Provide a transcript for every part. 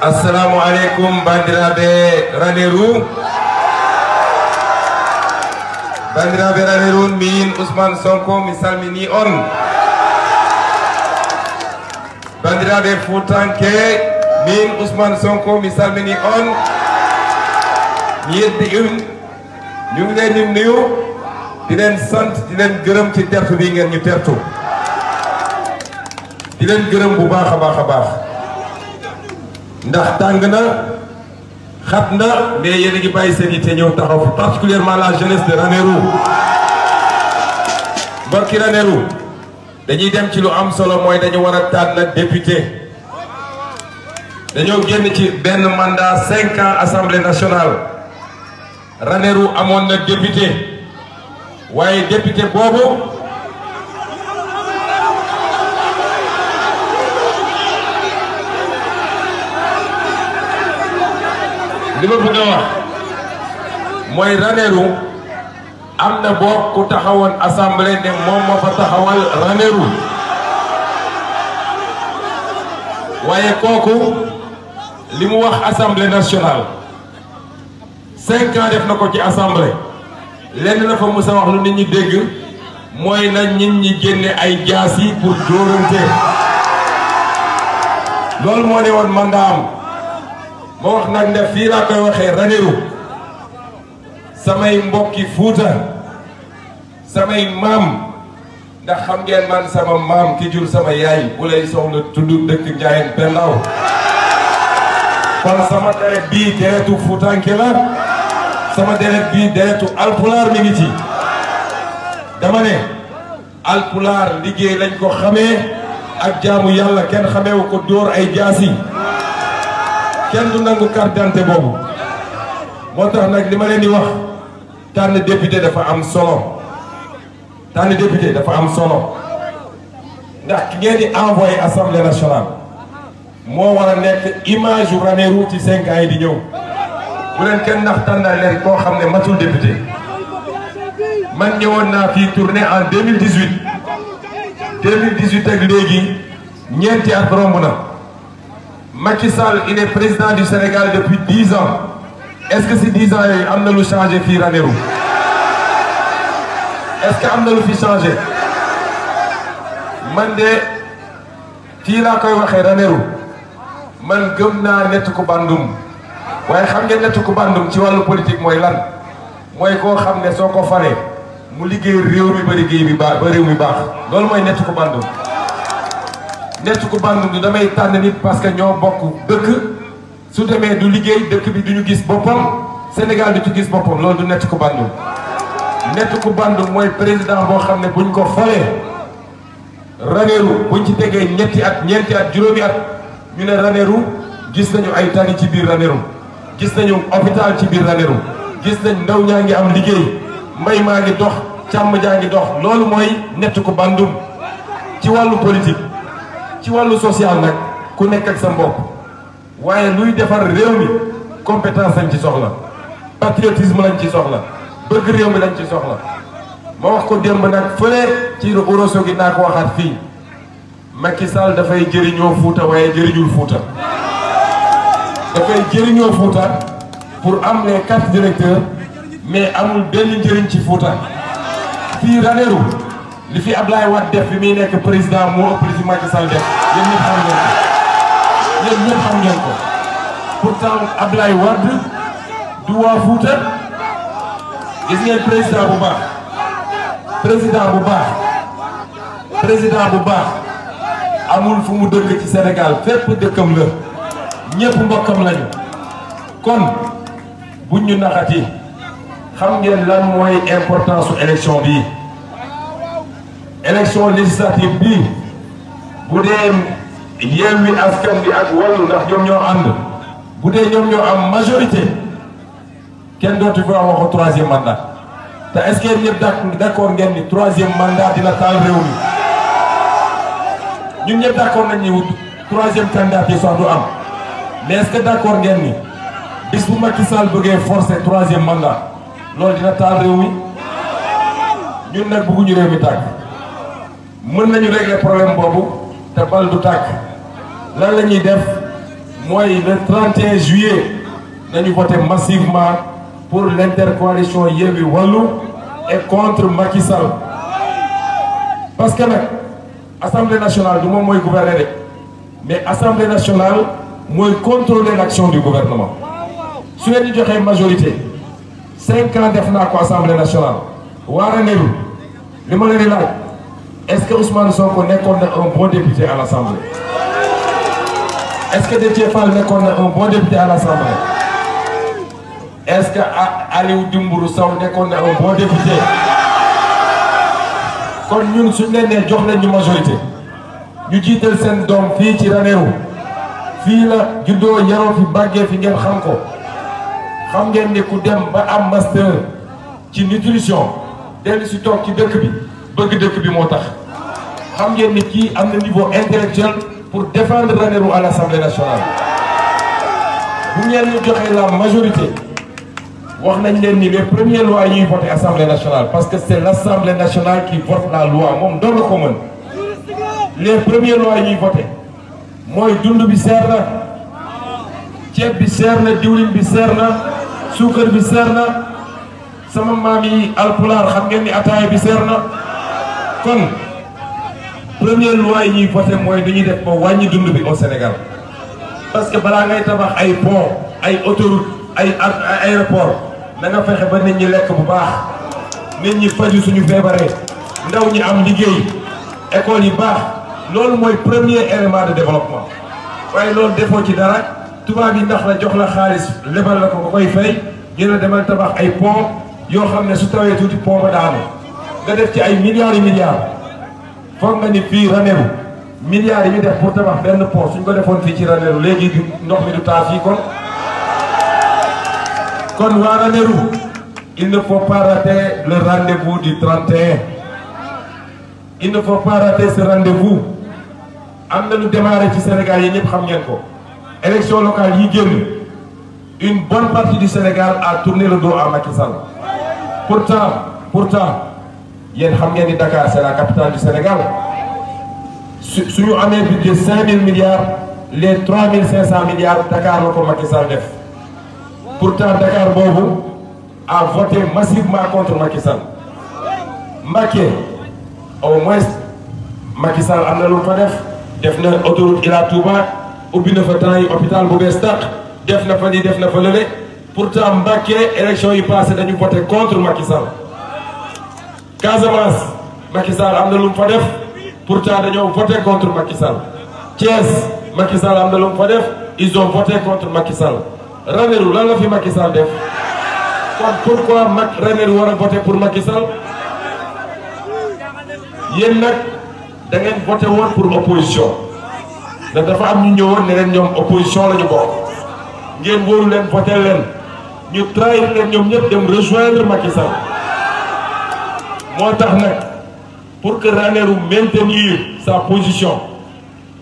assalamu aleykum bandiraɓe raneru bandiraɓe raneru mi sonko mi salmini on bandiraɓe fuutanke min sonko mi salmini on mi yeddi um ñu ngi leen di nuyu di leen sant di leen gërëm ci tertu bi ngeen ñu tertu di leen gërëm bu baax a baax a baax ndax tàng na xat na mais yéen a bàyyi seen yitte ñëw taxaw fi particulièrement la jeunesse de Ranérou mbokki Ranérou dañuy dem ci lu am solo mooy dañu war a tànn député dañoo génn ci benn mandat cinq ans assemblée nationale Ranérou amoon na député waaye député boobu li ma bëgg wax mooy Ranérou am na boog ku taxawoon assemblée ne moom moo fa taxawal Ranérou waaye kooku li mu wax assemblée nationale cinq ans def na ko ci assemblée lenn na fa Moussa wax lu nit ñi dégg mooy na nit ñi génne ay jaas yi pour dóorante loolu moo ne woon mandat am ma wax nag ne fii laa koy waxee Ranérou samay mbokki Fuuta samay maam ndax xam ngeen man sama maam ki jur sama yaay bu lay soxla tudd dëkk Njaayeen Pellaaw kon sama deret bii deretu Fuutanke la sama deret bii deretu alpulaar mi ngi ci dama ne alpulaar liggéey lañ ko xamee ak jaamu yàlla kenn xameewu ko dóor ay jaasi kenn du nangu carte d'identité boobu moo tax nag li ma leen di wax tànn député dafa am solo tànn député dafa am solo ndax ki ngeen di envoyé assemblée nationale moo war a nekk image yu Ranérou ci cinq ans yi di ñëw bu leen kenn ndax tànnal leen koo xam ne matul député man ñëwoon naa fii tournée en 2018 2018 ak léegi ñeenti at romb na. Macky Sall il est président du Sénégal depuis dix ans est-ce que si dix ans yooyu am na lu changé fii Ranérou est-ce que am na lu fi changé man de fii laa koy waxee Ranérou man gëm naa Netuku Bandum waaye xam ngeen Netuku Bandum ci wàllu politique mooy lan mooy koo xam ne soo ko falee mu liggéey réew mi ba liggéey bi baax ba réew mi baax loolu mooy Netuku Bandum nekk ku bandu du damay tànn nit parce que ñoo bokk dëkk su demee du liggéey dëkk bi du ñu gis boppam Sénégal du ci gis boppam loolu du nekk ku bandu nekk ku bandu mooy président boo xam ne buñ ko folee Ranérou buñ ci tegee ñetti at ñeenti at juróomi at ñu ne Ranérou gis nañu ay tali ci biir Ranérou gis nañu hôpital ci biir Ranérou gis nañ ndaw ñaa ngi am liggéey mbay maa ngi dox càmm jaa ngi dox loolu mooy nett ku bandum ci wàllu politique ci wàllu social nag ku nekk ak sa mbokk waaye luy defar réew mi compétence lañ ci soxla patriotisme lañ ci soxla bëgg réew mi lañ ci soxla ma wax ko démb nag fële ci roso gi naa ko waxaat fii Macky Sall dafay jëriñoo Fuuta waaye jëriñul Fuuta dafay jëriñoo Fuuta pour am ne quatre directeurs mais amul benn njëriñ ci Fuuta fii Ranérou li fi Ablaye Wade def bi muy nekk président moo ëpp li fi Macky Sall def yéen ñëpp xam ngeen ko yéen ñëpp xam ngeen ko pourtant Ablaye Wade du waa Fuuta gis ngeen président bu baax président bu baax président bu baax amul fu mu dëkk ci Sénégal fépp dëkkam la ñëpp mbokkam lañu kon buñ ñu naxati xam ngeen lan mooy importance su élection bii. élection législative bii bu dee Yewwi Askan Wi ak Wallu ndax ñoom ñoo ànd bu dee ñoom ñoo am majorité kenn dootu fi waxu troisième mandat te est-ce que ñëpp d' accord ngeen ni troisième mandat dina taal réew mi ñun ñëpp d' accord nañ ni troisième yi sax du am mais est-ce d' accord ngeen ni bis bu Macky Sall bëggee forcer troisième mandat loolu dina taal réew mi ñun nag bëgguñu réew mi tàkk. mën nañu régler problème boobu te bal du tàkk lan la ñuy def mooy le 31 juillet nañu voter massivement pour l'intercoalition Yewwi Wallu et contre Macky Sall parce que nag assemblée nationale du moom mooy gouverner rek mais assemblée nationale mooy contrôler l'action du gouvernement su leen di joxee majorité cinq ans def naa ko assemblée nationale waara neru li ma leen di laaj est-ce que Ousmane Sonko nekkoon na un bon député à l'Assemblée est-ce que Déthié Fall nekkoon na un bon député à l'Assemblée est-ce que Aliou Dembourou Sow nekkoon na un bon député kon ñun suñ leen jox leen ñu majorité ñu jiital seen doom fii ci Ranérou fii la juddoo yaroo fi bàggee fi ngeen xam ko xam ngeen ni ku dem ba am master ci nutrition dellu si toog ci dëkk bi bëgg dëkk bi moo tax xam ngeen ni kii am na niveau intellectuel pour défendre Ranérou à l'Assemblée nationale bu ngeen ñu joxee la majorité wax nañ leen ni les premières lois yi ñuy voté assemblée nationale parce que c' est l' assemblée nationale qui vote la loi moom doon na ko mën les premières lois yi ñuy mooy dund bi seer na ceeb bi seer na diwlin bi seer na suukar bi seer na sama maam yi alpulaar xam ngeen ni ataaya bi seer na kon. première loi yi ñuy voté mooy dañuy def ba wàññi dund bi au Sénégal parce que balaa ngay tabax ay pont ay autoroute ay ay aéroport nga fexe ba nit ñi lekk bu baax nit ñi faju suñu feebaree ndaw ñi am liggéey école yi baax loolu mooy premier élément de développement waaye loolu defoo ci dara tubaab yi ndax la jox la xaalis lebal la ko nga koy fay ñu la demal tabax ay pont yoo xam ne su tawee tuuti pont ba daanu nga def ci ay milliards yi milliards foog nga ni fii Ranérou milliards yi ñu def pour tabax benn pont suñ ko defoon fii ci Ranérou léegi ndox mi du taa fii kon. kon waa Ranérou il ne faut le rendez-vous du 31 il ne faut pas am na lu démarré ci yi ñëpp xam ngeen ko. élection locale yi génn une bonne partie du Sénégal a tourné le dos à Macky Sall pourtant pourtant. yéen xam ngeen ni Dakar c'est la capitale du Sénégal su suñu amee budget cinq mille milliards les trois mille cinq cent milliards Dakar la ko Macky Sall def pourtant Dakar boobu a voté massivement contre Macky Sall Macky au moins Macky Sall am na lu ko def def na autoroute Ila Touba ubbi na fa temps yi hôpital bu bees tàq def na fa nii def na fa lële pourtant Macky élection yi passé dañu voté contre Macky Sall Casamance Macky Sall am na lu mu fa def pourtant dañoo voté contre Macky Sall Thiès Macky Sall am na lu mu fa def ils ont voté contre Macky Sall Ranérou lan la fi Macky Sall def kon pourquoi Mac Ranérou war a voté pour Macky Sall yéen nag da ngeen voté woon pour opposition ndax dafa am ñu ñëwoon ne leen ñoom opposition la ñu bokk ngeen wóoru leen voté leen ñu trahir leen ñoom ñëpp dem rejoindre Macky moo tax nag pour que Ranérou maintenir sa position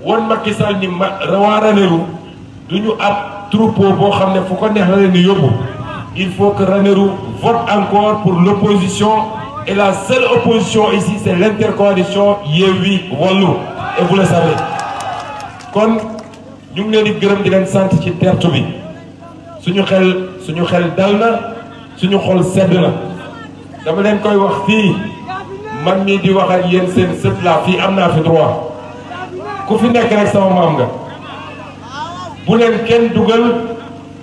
wan Macky Sall ni ma waa Ranérou du ñu ab troupeau boo xam ne fu ko neex la leen di yóbbu il faut que Ranérou vote encore pour l'opposition et la seule opposition ici c'est l'intercoalition Yewwi Wallu et vous le savez kon ñu ngi leen di gërëm di leen sant ci tertu bi suñu xel suñu xel dal na suñu xol sedd na dama leen koy wax fii man mii di wax ak yéen seen sët fii am naa fi droit ku fi nekk rek sama maam nga bu leen kenn dugal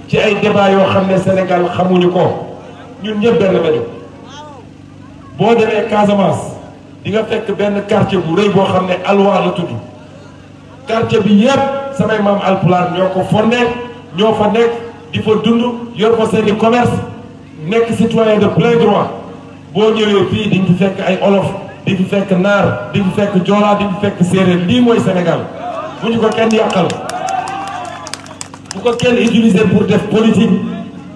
ci ay débat yoo xam ne Sénégal xamuñu ko ñun ñëpp benn lañu boo demee Casamance di nga fekk benn quartier bu rëy boo xam ne Alwaar la tudd quartier bi yëpp samay maam alpulaar ñoo ko fondé ñoo fa nekk di fa dund yor fa seeni commerce nekk citoyen de plein droit boo ñëwee fii di fi fekk ay olof di fi fekk naar di fi fekk joolaa di fi fekk séeréer lii mooy Sénégal bu ñu ko kenn yàqal bu ko kenn utiliser pour def politique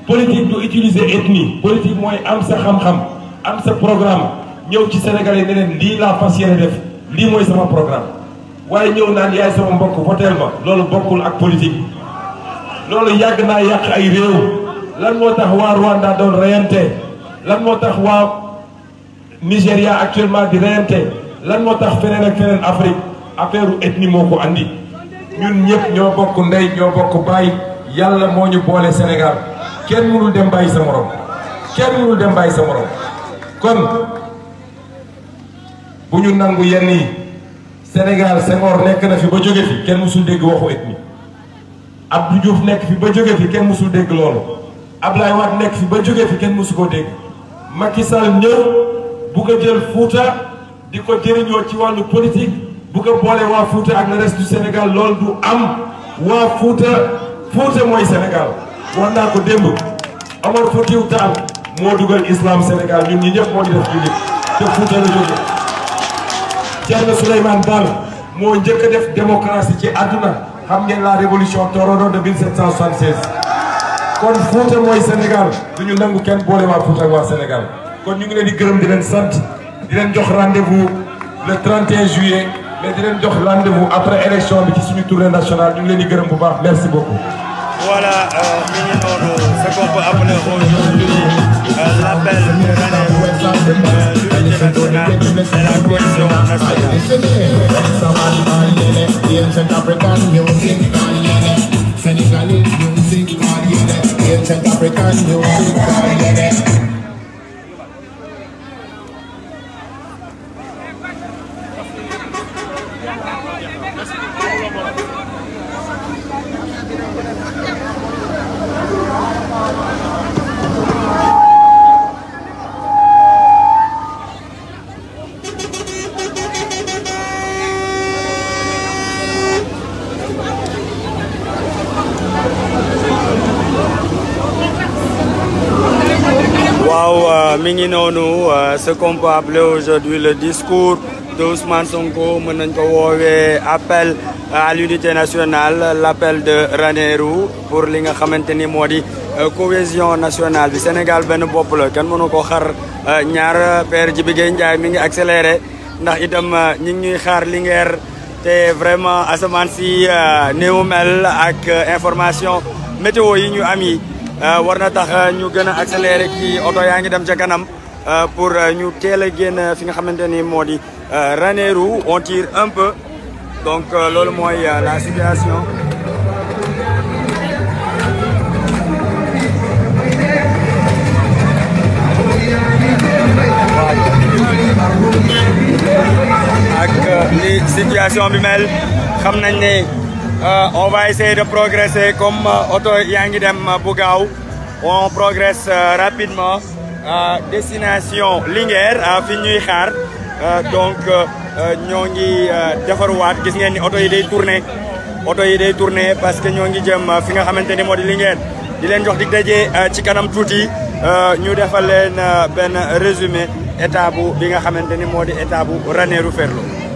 politique du utiliser ethnie politique mooy am sa xam-xam am sa programme ñëw ci Sénégal yi ne leen lii laa fas yéene def lii mooy sama programme waaye ñëw naan yaay sama mbokk voteel ma loolu bokkul ak politique loolu yàgg naa yàq ay réew lan moo tax waa Rwanda doon reyante lan moo tax waa Nigéria actuellement di reyante lan moo tax feneen ak feneen Afrique affaire ethnie moo ko andi ñun ñëpp ñoo bokk ndey ñoo bokk baay yàlla moo ñu boole Sénégal kenn mënul dem bàyyi sa morom kenn mënul dem bàyyi sa morom kon bu ñu nangu yenn yi Sénégal Senghor nekk na fi ba jóge fi kenn mësul dégg waxu ethnie Abdou Diouf nekk fi ba jóge fi kenn mësul dégg loolu Ablaye Wade nekk fi ba jóge fi kenn mësu koo dégg Macky Sall ñëw bugg jël Fouta di ko jëriñoo ci wàllu politique bugg a boole waa Fouta ak le senegal lool Sénégal loolu du am waa Fouta Fouta mooy Sénégal wax naa ko démb Omar Foutiou Tall moo dugal islam Sénégal ñun ñi ñëpp moo ñu def jullit te Fouta la jóge Thierno Souleymane Baal moo njëkk def démocratie ci àdduna xam ngeen la révolution Torodo de 1776 kon Fouta mooy Sénégal du ñu nangu kenn boole waa Fouta waa Sénégal. kon ñu ngi leen di gërëm di leen sant di leen jox rendez-vous le 31 juillet mais di leen jox rendez-vous après élection bi ci suñu tournée nationale ñu ngi leen di gërëm bu baax merci beaucoup. voilà euh, mi ngi noonu ce qu'on peut appeler aujourd'hui euh, l'appel de euh, la coalition nationale. Senegalese music, all you African music, all ce qu'on peut appeler aujourd'hui le discours de Sonko mën nañ ko woowee appel à l'unité nationale l'appel de Ranérou pour li nga xamante ni moo di euh, cohésion nationale bi Sénégal benn bopp la kenn mënu ko xar euh, ñaar père Djibi Gueye Ndiaye mi ngi accéléré ndax itam euh, ñi ngi ñuy xaar Linguère te vraiment asamaan si néew mel ak information météo yi ñu am yi war tax ñu gën a accéléré kii oto yaa ngi dem ca kanam Euh, pour euh, ñu teel a génn fi nga xamante ni moo di euh, Ranérou on tire un peu donc loolu mooy la situation. ak li situation bi mel xam nañ ne on va essayer de progresser comme oto yaa ngi dem bu gaaw on progresse rapidement. destination Linguère fi ñuy xaar euh, donc euh, euh, ñoo ngi defaruwaat gis ngeen ni oto yi day tourné oto yi day tourné parce que ñoo ngi jëm fi nga xamante ni moo di Linguère di leen jox dig daje ci kanam tuuti ñu defal leen benn résumé état bi nga xamante ni moo di état bu Ranérou Ferlo